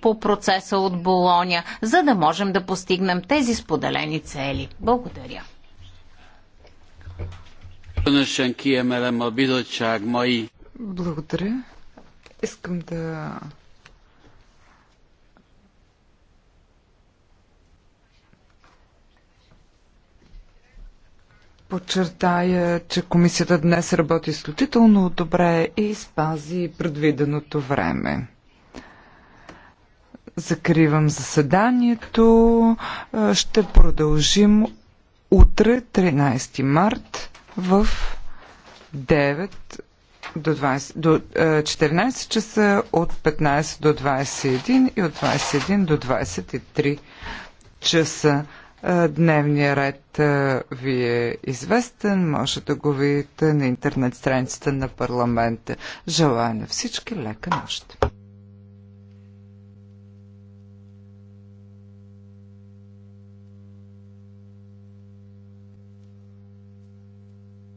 по процеса от Болоня, за да можем да постигнем тези споделени цели. Благодаря. Благодаря. Искам да подчертая, че комисията днес работи изключително добре и спази предвиденото време. Закривам заседанието. Е, ще продължим утре, 13 март, в 9 до, 20, до 14 е, часа, от 15 до 21 и от 21 до 23 часа. Е, дневният ред ви е известен, може да го видите на интернет страницата на парламента. Желая на всички лека нощ!